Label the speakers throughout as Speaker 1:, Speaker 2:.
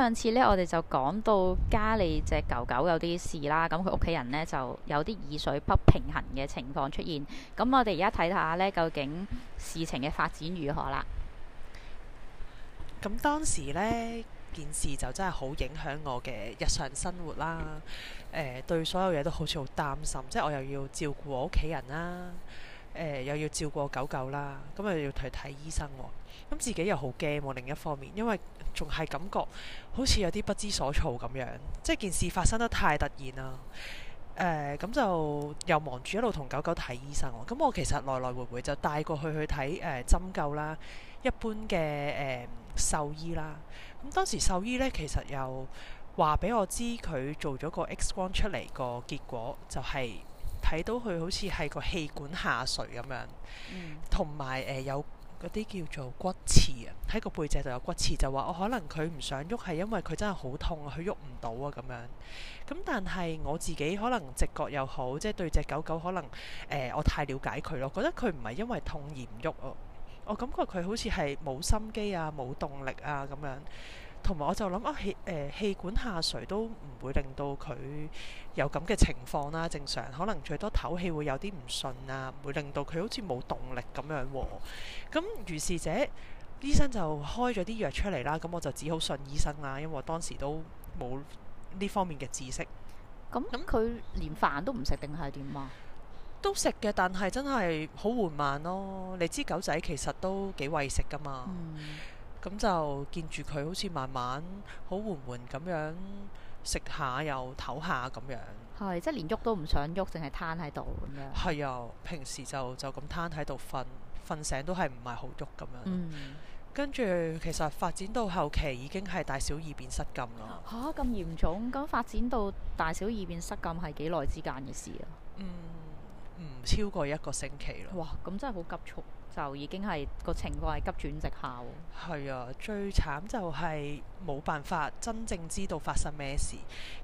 Speaker 1: 上次呢，我哋就講到家裡隻狗狗有啲事啦，咁佢屋企人呢，就有啲耳水不平衡嘅情況出現，咁我哋而家睇下呢，究竟事情嘅發展如何啦。
Speaker 2: 咁當時呢件事就真係好影響我嘅日常生活啦，誒、呃，對所有嘢都好似好擔心，即係我又要照顧我屋企人啦。誒、呃、又要照顧狗狗啦，咁又要佢睇醫生喎，咁自己又好驚喎。另一方面，因為仲係感覺好似有啲不知所措咁樣，即係件事發生得太突然啦。誒、呃，咁就又忙住一路同狗狗睇醫生喎。咁我其實來來回回就帶過去去睇誒針灸啦，一般嘅誒獸醫啦。咁當時獸醫呢，其實又話俾我知佢做咗個 X 光出嚟個結果就係、是。睇到佢好似係個氣管下垂咁樣，同埋誒有嗰啲、呃、叫做骨刺啊，喺個背脊就有骨刺，就話我可能佢唔想喐，係因為佢真係好痛，佢喐唔到啊咁樣。咁但係我自己可能直覺又好，即係對隻狗狗可能誒、呃，我太了解佢咯，覺得佢唔係因為痛而唔喐咯，我感覺佢好似係冇心機啊，冇動力啊咁樣。同埋我就諗啊氣誒氣管下垂都唔會令到佢有咁嘅情況啦，正常可能最多透氣會有啲唔順啊，唔會令到佢好似冇動力咁樣、啊。咁、嗯、於是者，醫生就開咗啲藥出嚟啦。咁我就只好信醫生啦，因為我當時都冇呢方面嘅知識。咁咁佢連飯都唔食定係點啊？嗯、都食嘅，但係真係好緩慢咯。你知狗仔其實都幾餵食噶嘛？嗯咁、嗯、就見住佢好似慢慢好緩緩咁樣食下又唞下咁樣，
Speaker 1: 係、 嗯、即係連喐都唔想喐，淨係攤喺度咁樣。
Speaker 2: 係啊， 平時就就咁攤喺度瞓，瞓醒都係唔係好喐咁樣。嗯，跟住其實發展到後期已經係大小二便失禁啦。吓，
Speaker 1: 咁嚴重，咁發展到大小二便失禁係幾耐之間嘅事啊？嗯。唔超過一個星期啦！哇，咁真係好急促，就已經係、個情況係急轉直
Speaker 2: 下喎。係啊，最慘就係冇辦法真正知道發生咩事。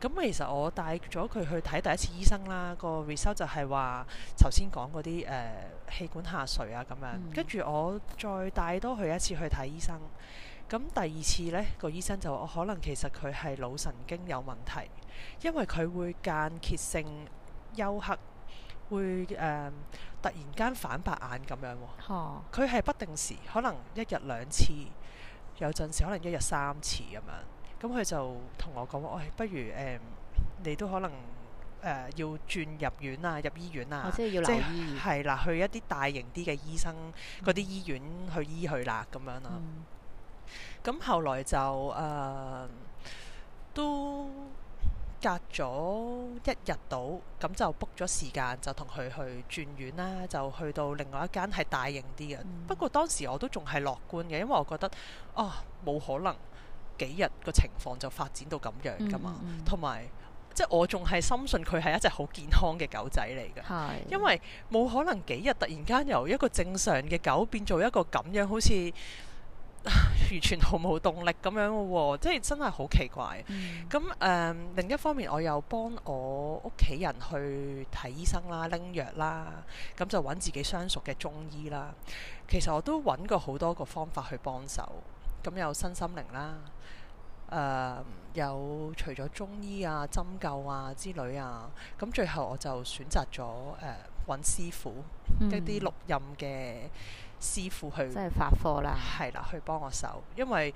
Speaker 2: 咁其實我帶咗佢去睇第一次醫生啦，個 result 就係話頭先講嗰啲誒氣管下垂啊咁樣。跟住、嗯、我再帶多佢一次去睇醫生，咁第二次呢，個醫生就話可能其實佢係腦神經有問題，因為佢會間歇性休克。會誒、呃、突然間反白眼咁樣、哦，佢係哈不定時，可能一日兩次，有陣時可能一日三次咁樣。咁、嗯、佢就同我講話、哎，不如誒、呃，你都可能誒、呃、要轉入院啊，入醫院啊，即係要留醫院。係啦，去一啲大型啲嘅醫生嗰啲醫院去醫佢啦，咁、嗯、樣咯、啊。咁、嗯、後來就誒、呃、都。咗一日到，咁就 book 咗時間，就同佢去轉院啦，就去到另外一間係大型啲嘅。嗯、不過當時我都仲係樂觀嘅，因為我覺得啊，冇可能幾日個情況就發展到咁樣㗎嘛。同埋、嗯嗯嗯，即係我仲係深信佢係一隻好健康嘅狗仔嚟嘅，係的因為冇可能幾日突然間由一個正常嘅狗變做一個咁樣，好似。 完全毫冇動力咁樣嘅喎，哦，即係真係好奇怪。咁誒、嗯呃、另一方面，我又幫我屋企人去睇醫生啦、拎藥啦，咁就揾自己相熟嘅中醫啦。其實我都揾過好多個方法去幫手，咁有身心靈啦，誒、呃、有除咗中醫啊、針灸啊之類啊。咁最後我就選擇咗揾師傅一啲錄音嘅。嗯師傅去，即係發貨啦。係啦，去幫我手，因為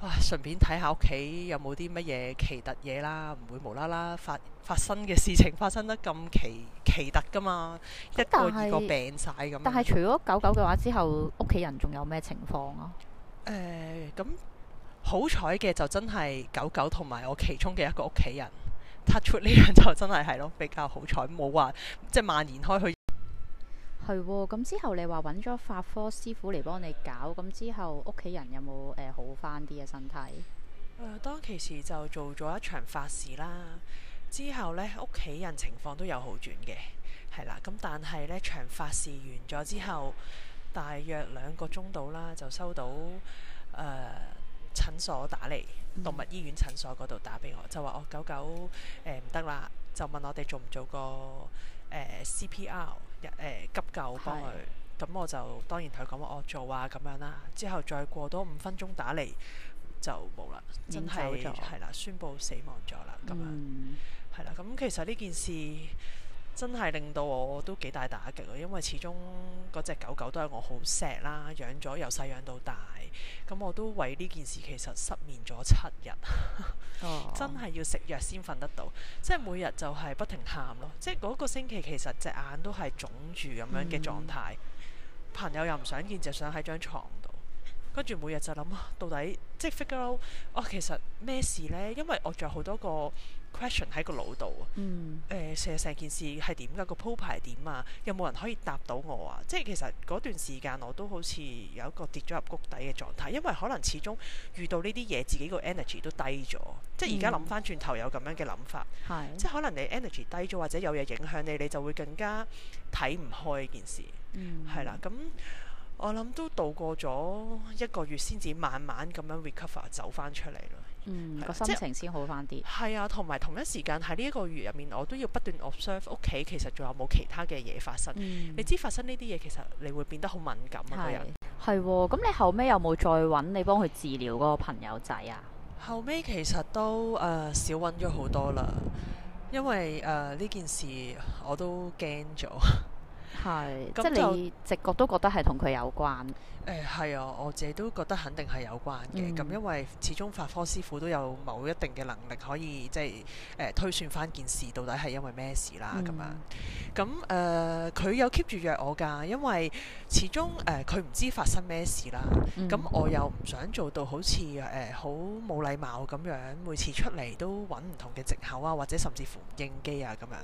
Speaker 2: 啊，順便睇下屋企有冇啲乜嘢奇特嘢啦，唔會無啦啦發發生嘅事情發生得咁奇奇特噶嘛。
Speaker 1: 一個二個病晒咁。但係除咗狗狗嘅話之後，屋企人仲有咩情況啊？誒、呃，咁
Speaker 2: 好彩嘅就真係狗狗同埋我其中嘅一個屋企人，touch 出呢樣就真係係咯，比較好彩，冇話即係蔓延開去。
Speaker 1: 係咁之後，你話揾咗法科師傅嚟幫你搞，咁之後，屋企人有冇誒好翻啲嘅身體？
Speaker 2: 誒，當其時就做咗一場法事啦。之後呢，屋企人情況都有好轉嘅，係啦。咁但係呢場法事完咗之後，大約兩個鐘到啦，就收到誒呃、診所打嚟，嗯、動物醫院診所嗰度打俾我，就話我狗狗誒唔得啦，就問我哋做唔做個誒 C P R。呃 CPR 欸、急救幫佢，咁是我就當然佢講我做啊咁樣啦。之後再過多五分鐘打嚟就冇啦，真係，係啦，宣佈死亡咗啦。咁樣係啦，咁、嗯、其實呢件事。真係令到我都幾大打擊咯，因為始終隻狗狗都係我好錫啦，養咗由細養到大，咁我都為呢件事其實失眠咗七日，呵呵 Oh. 真係要食藥先瞓得到，即係每日就係不停喊咯，即係個星期其實隻眼都係腫住咁樣嘅狀態，mm hmm. 朋友又唔想見就想喺張床度。跟住每日就諗，到底即係 figure out，哦，其實咩事呢？因為我仲有好多個 question 喺個腦度啊。誒、嗯，成、呃、件事係點噶？個鋪排點啊？有冇人可以答到我啊？即係其實嗰段時間我都好似有一個跌咗入谷底嘅狀態，因為可能始終遇到呢啲嘢，自己個 energy 都低咗。即係而家諗翻轉頭有咁樣嘅諗法，係、嗯、即係可能你 energy 低咗，或者有嘢影響你，你就會更加睇唔開呢件事。係、嗯、啦，咁、嗯。我諗都度過咗一個月，先至慢慢咁樣 recover 走翻出嚟咯。嗯，
Speaker 1: 個、啊、心情
Speaker 2: 先好翻啲。係啊，同埋同一時間喺呢一個月入面，我都要不斷 observe 屋企，其實仲有冇其他嘅嘢發生。嗯、你知發生呢啲嘢，其實你會變得好敏感啊是個人。
Speaker 1: 係、哦、喎。咁你後尾有冇再搵你幫佢治療嗰個朋友仔啊？
Speaker 2: 後尾其實都誒、呃、少搵咗好多啦，因為誒呢、呃、件事我都驚咗。係，即係是就你直覺都覺得係同佢有關。誒、呃，係啊，我自己都覺得肯定係有關嘅。咁、嗯、因為始終法科師傅都有某一定嘅能力，可以即係誒、呃、推算翻件事到底係因為咩事啦。咁、嗯、樣，咁誒佢有 keep 住約我㗎，因為始終誒佢唔知發生咩事啦。咁、嗯、我又唔想做到好似誒好冇禮貌咁樣，每次出嚟都揾唔同嘅藉口啊，或者甚至乎唔應機啊咁樣。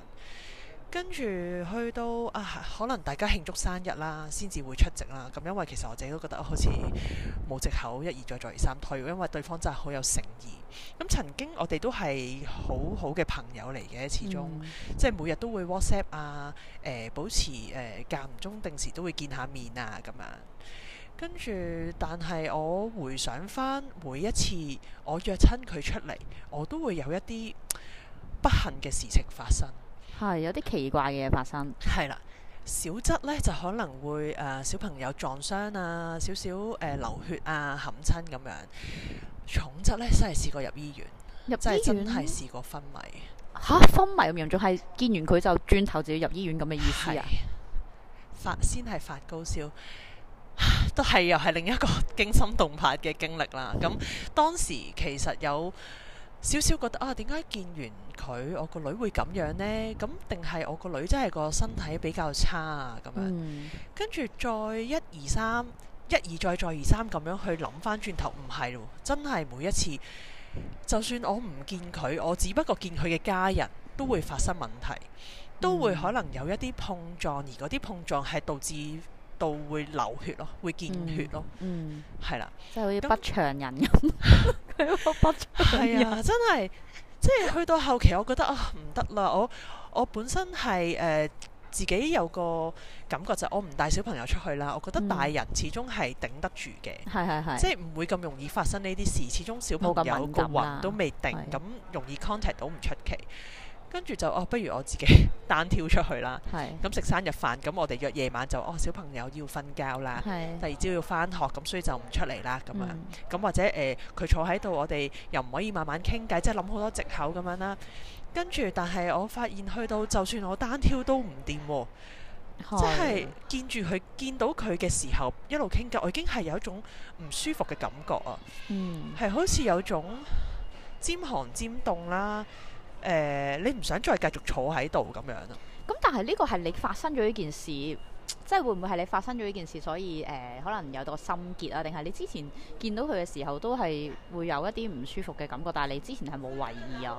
Speaker 2: 跟住去到啊，可能大家慶祝生日啦，先至會出席啦。咁、嗯、因為其實我自己都覺得好似冇借口一而再、再而三推，因為對方真係好有誠意。咁、嗯、曾經我哋都係好好嘅朋友嚟嘅，始終，即係每日都會 WhatsApp 啊，誒、呃、保持誒間唔中、定時都會見下面啊咁樣跟住，但係我回想翻每一次我約親佢出嚟，我都會有一啲不幸嘅事情發生。
Speaker 1: 係、啊、有啲奇怪嘅嘢發生。係啦，
Speaker 2: 小則呢就可能會誒、呃、小朋友撞傷啊，少少誒流血啊，冚親咁樣。重則呢，真係試過入醫院，入醫院真係真係試過昏迷。
Speaker 1: 吓、啊、昏迷咁樣，仲係見完佢就轉頭就要入醫院咁嘅意思啊？
Speaker 2: 發先係發高燒，都係又係另一個驚心動魄嘅經歷啦。咁當時其實有。少少覺得啊，點解見完佢，我個女會咁樣呢？咁定係我個女真係個身體比較差啊？咁樣、嗯、跟住再一而三，一而再再而三咁樣去諗翻轉頭，唔係咯，真係每一次，就算我唔見佢，我只不過見佢嘅家人，都會發生問題，嗯、都會可能有一啲碰撞，而嗰啲碰撞係導致到會流血咯，會見血咯，嗯，係、嗯、
Speaker 1: 啦，即係了好似不祥人咁那。 係 啊，真係，即係
Speaker 2: 去到後期，我覺得啊，唔得啦！我我本身係誒、呃、自己有個感覺就是，我唔帶小朋友出去啦。我覺得大人始終係頂得住嘅，嗯、是是是，即係唔會咁容易發生呢啲事。始終小朋友個魂都未定，咁的容易 contact 到唔出奇。跟住就哦，不如我自己單挑出去啦。係咁食生日飯，咁我哋約夜晚就哦，小朋友要瞓覺啦。係是第二朝要返學，咁所以就唔出嚟啦。咁啊，咁、嗯嗯、或者誒，佢、呃、坐喺度，我哋又唔可以慢慢傾偈，即係諗好多藉口咁樣啦。跟住，但係我發現去到，就算我單挑都唔掂，即係是見住佢見到佢嘅時候一路傾偈，我已經係有一種唔舒服嘅感覺啊。嗯，係好似有種尖寒尖凍啦。誒、呃，你唔想再繼續坐喺度咁樣咯？
Speaker 1: 咁、嗯、但係呢個係你發生咗呢件事，即係會唔會係你發生咗呢件事，所以誒、呃、可能有個心結啊？定係你之前見到佢嘅時候都係會有一啲唔舒服嘅感覺，但係你之前係冇懷疑啊？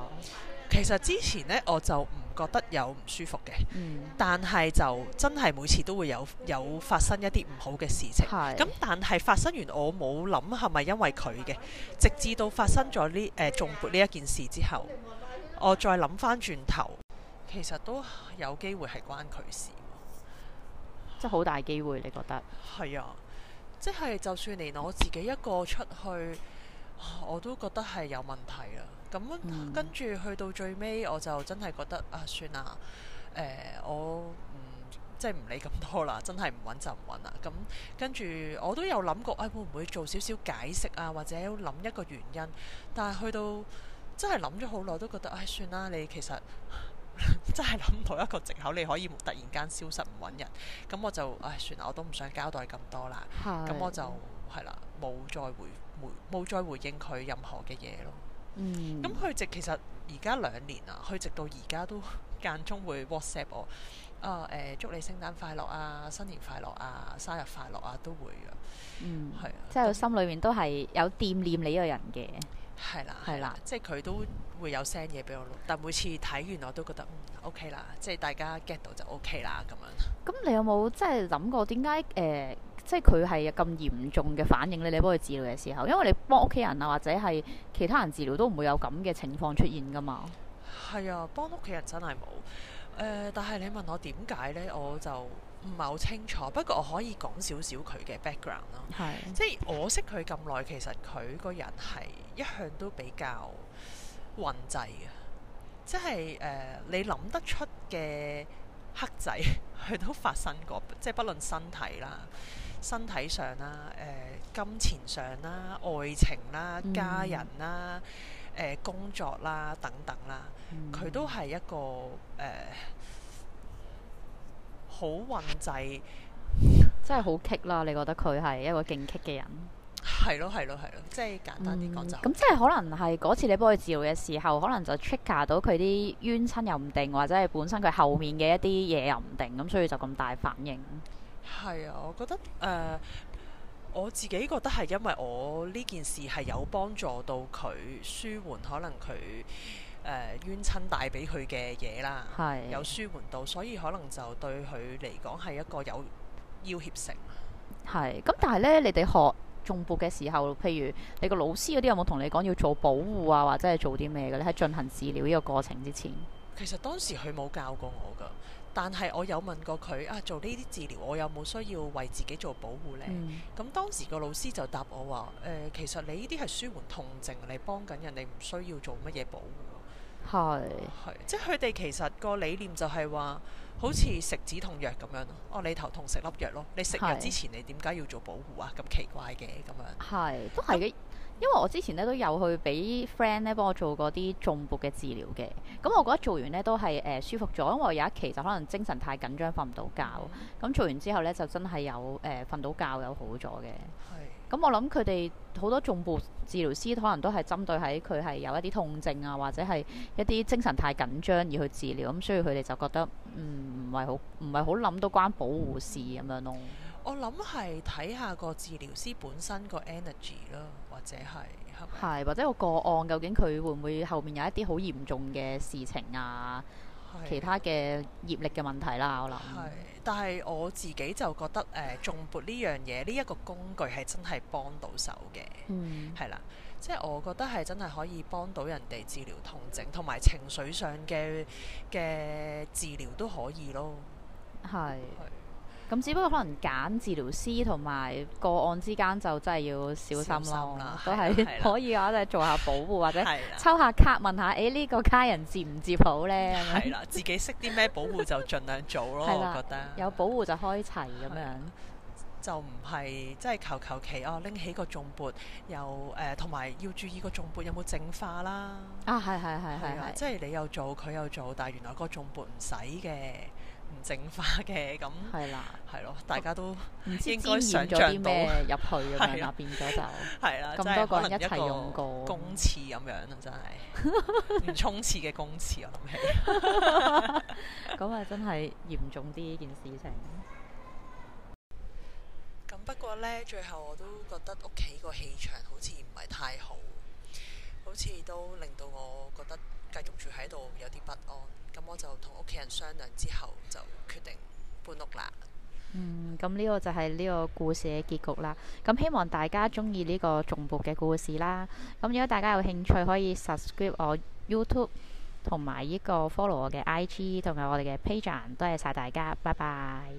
Speaker 1: 其實之前呢，我就唔覺得有唔舒服嘅，嗯、但係就
Speaker 2: 真係每次都會有有發生一啲唔好嘅事情。咁是、嗯、但係發生完，我冇諗係咪因為佢嘅，直至到發生咗呢誒頌缽呢一件事之後。我再諗返轉頭，其實都有機會係關佢事，即係好大機會，你覺得？係啊，即、就、係、是、就算連我自己一個出去，我都覺得係有問題啊。咁、嗯、跟住去到最尾，我就真係覺得啊，算啦，誒、呃，我唔即係唔理咁多啦，真係唔揾就唔揾啦。咁跟住我都有諗過，誒、哎、會唔會做少少解釋啊，或者諗一個原因？但係去到真係諗咗好耐，都覺得唉、哎，算啦！你其實呵呵真係諗到一個藉口，你可以突然間消失唔搵人，咁我就唉、哎，算啦，我都唔想交代咁多啦。咁的我就係啦，冇再回回冇再回應佢任何嘅嘢咯。嗯嗯。嗯，咁佢直，其實而家兩年啦，佢直到而家都間中會 WhatsApp 我，啊祝你聖誕快樂啊，新年快樂啊，生日快樂啊，都會噶。嗯，
Speaker 1: 係、嗯、啊，即係心裏面都係有惦念你呢個人嘅。嗯嗯嗯係
Speaker 2: 啦，係啦，即係佢都會有 send 嘢俾我錄，但每次睇完我都覺得嗯 OK 啦，即係大家 get 到就 OK 啦咁樣。
Speaker 1: 咁你有冇即係諗過點解誒，即係佢係有咁嚴重嘅反應咧？你幫佢治療嘅時候，因為你幫屋企人啊，或者係其他人治療都唔會有咁嘅情況出現噶嘛。
Speaker 2: 係啊，幫屋企人真係冇誒，但係你問我點解咧，我就。唔係好清楚，不過我可以講少少佢嘅 background 咯。係的，即係我識佢咁耐，其實佢個人係一向都比較運滯嘅。即係誒、呃，你諗得出嘅黑仔，佢都發生過。即係不論身體啦、身體上啦、誒、呃、金錢上啦、愛情啦、家人啦、誒、嗯呃、工作啦等等啦，佢、嗯、都係一個誒。呃好
Speaker 1: 運滯，真係好棘啦！你覺得佢係一個勁棘嘅人，
Speaker 2: 係咯，係咯，係咯，即係簡單啲講就
Speaker 1: 咁，嗯、即係可能係嗰次你幫佢治療嘅時候，可能就 trigger 到佢啲冤親又唔定，或者係本身佢後面嘅一啲嘢又唔定，咁所以就咁大反應。
Speaker 2: 係啊，我覺得誒、呃，我自己覺得係因為我呢件事係有幫助到佢舒緩，可能佢。呃、冤親帶俾佢嘅嘢啦，是有舒緩到，所以可能就對佢嚟講係一個有要挾性。
Speaker 1: 係咁、嗯，但係呢，嗯、你哋學頌缽嘅時候，譬如你個老師嗰啲有冇同你講要做保護啊，或者係做啲咩嘅咧？喺進行治療呢個過程之前，
Speaker 2: 其實當時佢冇教過我㗎，但係我有問過佢啊，做呢啲治療，我有冇需要為自己做保護呢？」咁當時個老師就答我話：誒、呃，其實你呢啲係舒緩痛症，你幫緊人哋，唔需要做乜嘢保護。係，係，即係佢哋其實個理念就係話，好似食止痛藥咁樣咯。嗯、哦，你頭痛食粒藥咯，你食藥之前是你點解要做保護啊？咁奇怪嘅咁樣。
Speaker 1: 係，都係嘅，嗯、因為我之前咧都有去俾 friend 咧幫我做過啲頌缽嘅治療嘅。咁我覺得做完咧都係誒、呃、舒服咗，因為我有一期就可能精神太緊張，瞓唔到覺。咁、嗯嗯、做完之後咧就真係有誒瞓、呃、到覺又好咗嘅。咁、嗯、我諗佢哋好多頌缽治療師可能都係針對喺佢係有一啲痛症啊，或者係一啲精神太緊張而去治療，咁、嗯、所以佢哋就覺得，唔、嗯、係好，唔係好諗到關保護事咁、嗯、樣咯。
Speaker 2: 我諗係睇下個治療師本身個 energy 咯，或者係
Speaker 1: 係或者個個案究竟佢會唔會後面有一啲好嚴重嘅事情啊？ 其他嘅業力嘅問題啦，我諗。係， 但
Speaker 2: 係我自己就覺得誒，頌缽呢樣嘢，呢一、這個工具係真係幫到手嘅。嗯，係啦，即係我覺得係真係可以幫到人哋治療痛症，同埋
Speaker 1: 情緒上嘅嘅治療都可以咯。係。 咁只不過可能揀治療師同埋個案之間就真係要小心咯，都係可以嘅話咧，做下保護或者抽下卡問下，誒呢個家人接唔接好咧？係啦，自
Speaker 2: 己識啲咩保護就儘量做咯，我覺得有保護就開齊咁樣，就唔係即係求求其哦拎起個頌缽，又誒同埋要注意個頌缽有冇淨化啦。
Speaker 1: 啊，係係係係，
Speaker 2: 即係你又做佢又做，但係原來個頌缽唔使嘅。唔淨化嘅，咁係啦，係咯，了大家都唔知沾染咗啲咩入去啊嘛，了變咗就係啦，咁 了多個人一齊用過一個公廁咁樣啊，真係
Speaker 1: 唔沖廁嘅公廁，我諗起，咁啊真係嚴重啲呢件事情。
Speaker 2: 咁不過咧，最後我都覺得屋企個氣場好似唔係太好，好似都令到我覺得。繼續住喺度有啲不安，咁我就同屋企人商量之後就決定搬屋啦。嗯，
Speaker 1: 咁呢個就係呢個故事嘅結局啦。咁希望大家中意呢個重播嘅故事啦。咁如果大家有興趣，可以 subscribe 我 YouTube 同埋呢個 follow 我嘅 IG 同埋我哋嘅 Patreon，多謝晒大家，拜拜。